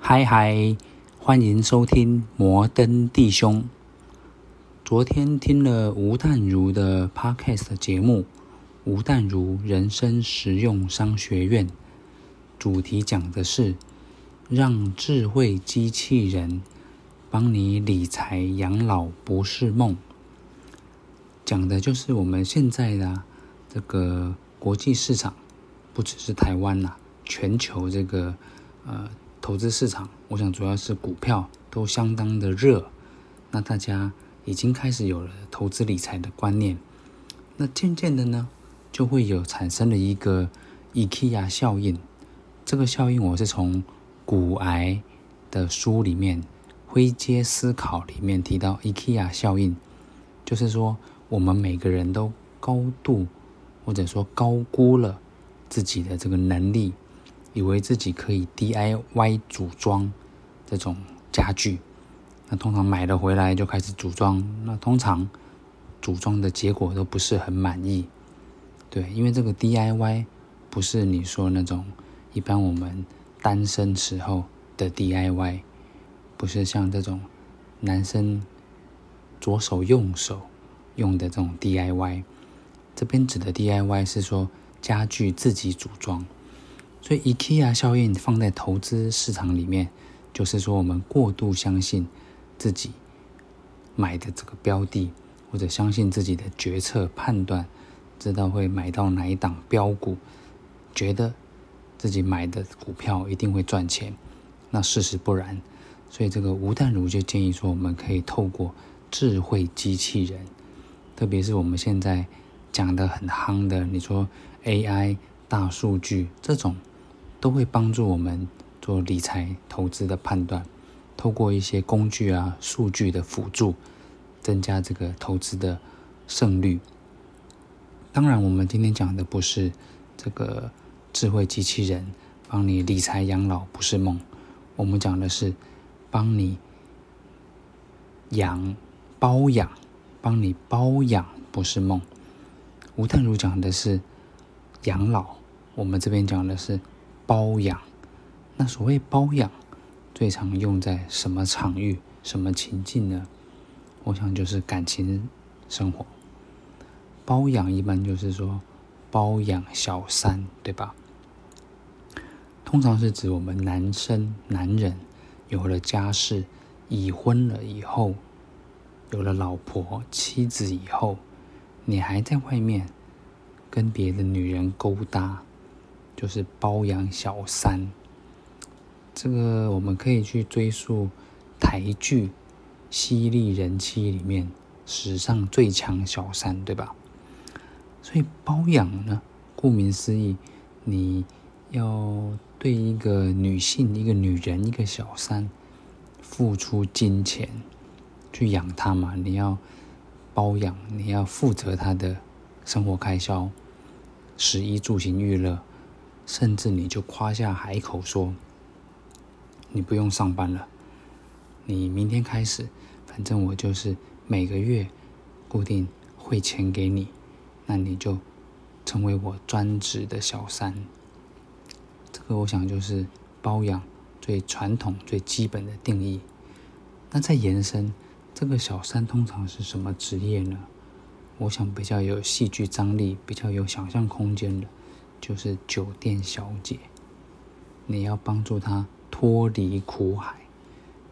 嗨嗨，歡迎收聽摩登弟兄。昨天聽了吳淡如的 Podcast 節目，吳淡如人生實用商學院，主題講的是讓智慧機器人幫你理財養老不是夢。講的就是我們現在的這個國際市場，不只是台灣啦、啊，全球這個呃。投資市場，我想主要是股票都相當的熱，那大家已經開始有了投資理財的觀念，那漸漸的呢，就會有產生了一個 IKEA 效應。這個效應我是從股癌的書裡面《灰階思考》裡面提到 IKEA 效應，就是說我們每個人都高度或者說高估了自己的這個能力。以為自己可以 DIY 組裝這種家具，那通常買了回來就開始組裝，那通常組裝的結果都不是很滿意。對，因為這個 DIY 不是你說那種一般我們單身時候的 DIY，不是像這種男生左手右手用的這種 DIY。這邊指的 DIY 是說家具自己組裝。所以 IKEA 效應放在投資市場裡面，就是說我們過度相信自己買的這個標的，或者相信自己的決策判斷，知道會買到哪一檔標股，覺得自己買的股票一定會賺錢，那事實不然。所以這個吳淡如就建議說，我們可以透過智慧機器人，特別是我們現在講的很夯的，你說 AI、大數據這種。都會幫助我們做理財投資的判斷，透過一些工具啊、數據的輔助，增加這個投資的勝率。當然，我們今天講的不是這個智慧機器人幫你理財養老不是夢，我們講的是幫你養包養，幫你包養不是夢。吳淡如講的是養老，我們這邊講的是。包養，那所謂包養，最常用在什麼場域、什麼情境呢？我想就是感情生活。包養一般就是說包養小三，對吧？通常是指我們男生、男人有了家室，已婚了以後，有了老婆、妻子以後，你還在外面跟別的女人勾搭。就是包養小三，這個我們可以去追溯台劇《犀利人妻》裡面史上最強小三，對吧？所以包養呢，顧名思義，你要對一個女性、一個女人、一個小三付出金錢去養她嘛？你要包養，你要負責她的生活開銷，食衣住行娛樂。甚至你就誇下海口說：“你不用上班了，你明天開始，反正我就是每個月固定匯錢給你，那你就成為我專職的小三。”這個我想就是包養最傳統最基本的定義。那再延伸，這個小三通常是什麼職業呢？我想比較有戲劇張力、比較有想象空間的。就是酒店小姐，你要幫助她脫離苦海，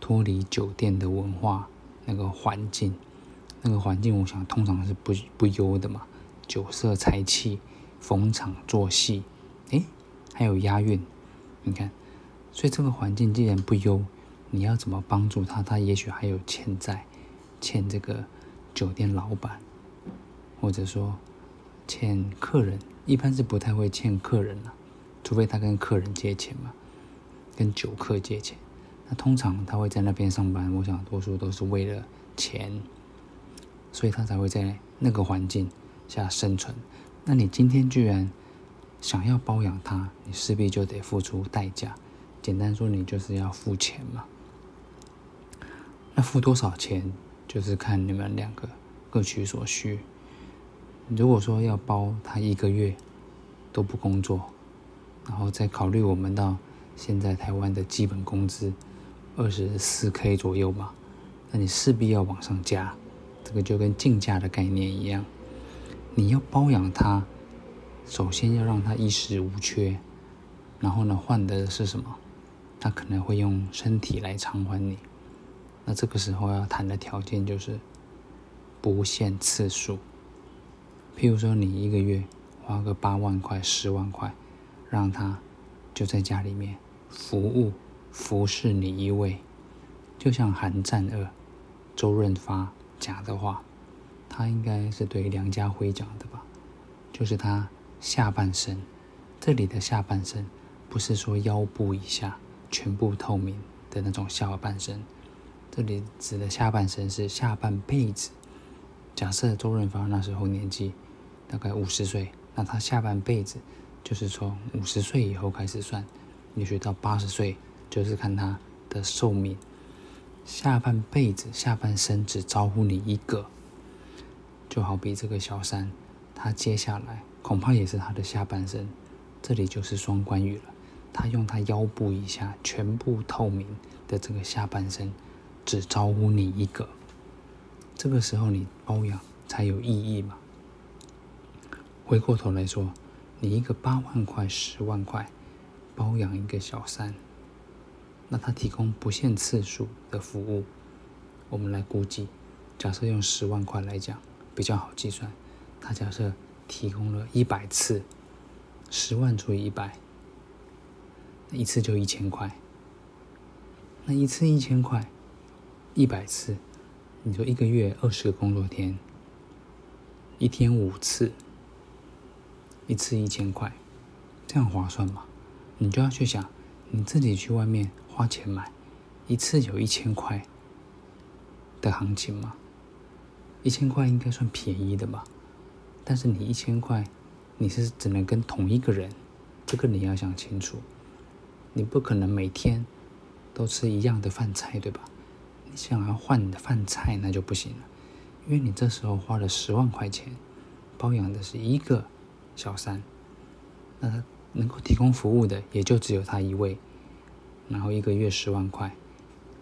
脫離酒店的文化那個環境，那個環境我想通常是不不優的嘛，酒色財氣，逢場作戲，哎、欸，還有押韻，你看，所以這個環境既然不優，你要怎麼幫助她？她也許還有欠債，欠這個酒店老板，或者說欠客人。一般是不太會欠客人啊，除非他跟客人借錢嘛，跟酒客借錢。那通常他會在那邊上班，我想多數都是為了錢，所以他才會在那個環境下生存。那你今天居然想要包養他，你勢必就得付出代價。簡單說，你就是要付錢嘛。那付多少錢？就是看你們兩個各取所需。如果說要包他一個月都不工作，然後再考慮我們到現在台灣的基本工資二十四 K 左右吧，那你勢必要往上加。這個就跟競價的概念一樣，你要包養他，首先要讓他衣食無缺，然後呢換得的是什麼？他可能會用身體來償還你。那這個時候要談的條件就是不限次數。譬如說，你一個月花個八萬塊、十萬塊，讓他就在家裡面服務、服侍你一位，就像寒戰二，周潤發講的話，他應該是對梁家輝講的吧？就是他下半身，這裡的下半身不是說腰部以下全部透明的那種下半身，這裡指的下半身是下半輩子。假設周潤發那時候年紀大概五十歲，那他下半輩子就是從五十歲以後開始算，也許到八十歲，就是看他的壽命。下半輩子、下半生只招呼你一個，就好比這個小三，他接下來恐怕也是他的下半生。這裡就是雙關語了，他用他腰部以下全部透明的這個下半身，只招呼你一個。這個時候你包養才有意義嘛？回過頭來說，你一個八萬塊、十萬塊包養一個小三，那他提供不限次數的服務，我們來估計，假設用十萬塊來講比較好計算，他假設提供了一百次，十萬除以一百，那一次就一千塊，那一次一千塊，一百次。你說一個月二十個工作天，一天五次，一次一千塊，這樣划算嗎？你就要去想，你自己去外面花錢買，一次有一千塊的行情嘛？一千塊應該算便宜的吧？但是你一千塊，你是只能跟同一個人，這個你要想清楚，你不可能每天都吃一樣的飯菜，對吧？想要換你的飯菜，那就不行了，因為你這時候花了十萬塊錢，包養的是一個小三，那他能夠提供服務的也就只有他一位，然後一個月十萬塊，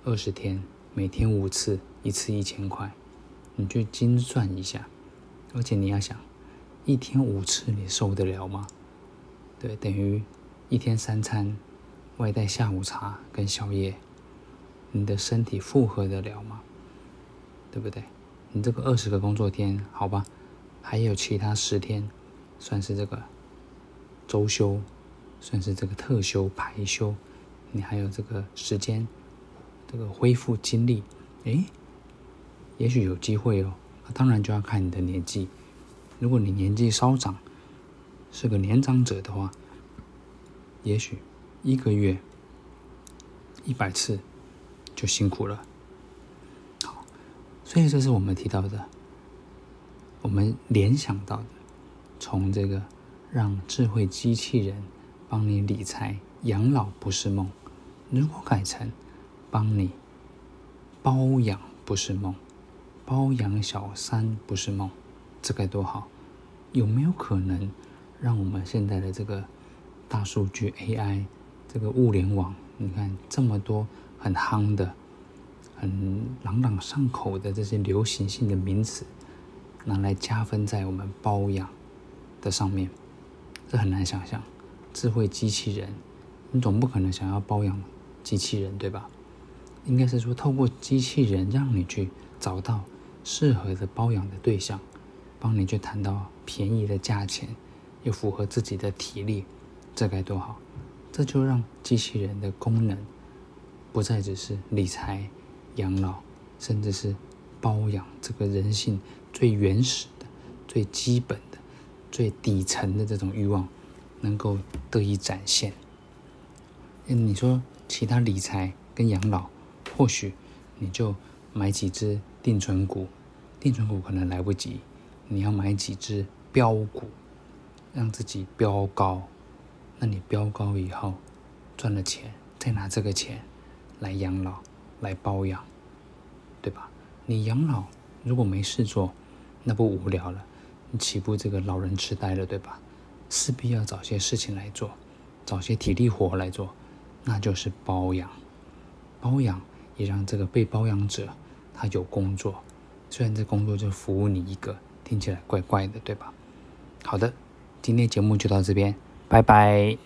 二十天，每天五次，一次一千塊，你去精算一下，而且你要想，一天五次你受得了嗎？對，等於一天三餐，外帶下午茶跟宵夜。你的身體負荷得了嗎？對不對？你這個二十個工作天，好吧，還有其他十天，算是這個周休，算是這個特休、排休，你還有這個時間，這個恢復精力，誒，也許有機會哦。當然就要看你的年紀，如果你年紀稍長，是個年長者的話，也許一個月一百次。就辛苦了。好，所以這是我們提到的，我們聯想到的。從這個讓智慧機器人幫你理財養老不是夢，如果改成幫你包養不是夢，包養小三不是夢，這該多好！有沒有可能讓我們現在的這個大數據 AI 這個物聯網？你看這麼多。很夯的、很朗朗上口的這些流行性的名詞，拿來加分在我們包養的上面，這很難想象。智慧機器人，你總不可能想要包養機器人，對吧？應該是說，透過機器人讓你去找到適合的包養的對象，幫你去談到便宜的價錢，又符合自己的體力，這該多好！這就讓機器人的功能。不再只是理財、養老，甚至是包養這個人性最原始的、最基本的、最底層的這種慾望，能夠得以展現。那你說，其他理財跟養老，或許你就買幾隻定存股，定存股可能來不及，你要買幾隻飆股，讓自己飆高。那你飆高以後賺了錢，再拿這個錢。來養老，來包養，對吧？你養老如果沒事做，那不無聊了，你豈不這個老人痴呆了，對吧？勢必要找些事情來做，找些體力活來做，那就是包養。包養也讓這個被包養者他有工作，雖然這工作就服務你一個，聽起來怪怪的，對吧？好的，今天節目就到這邊，拜拜。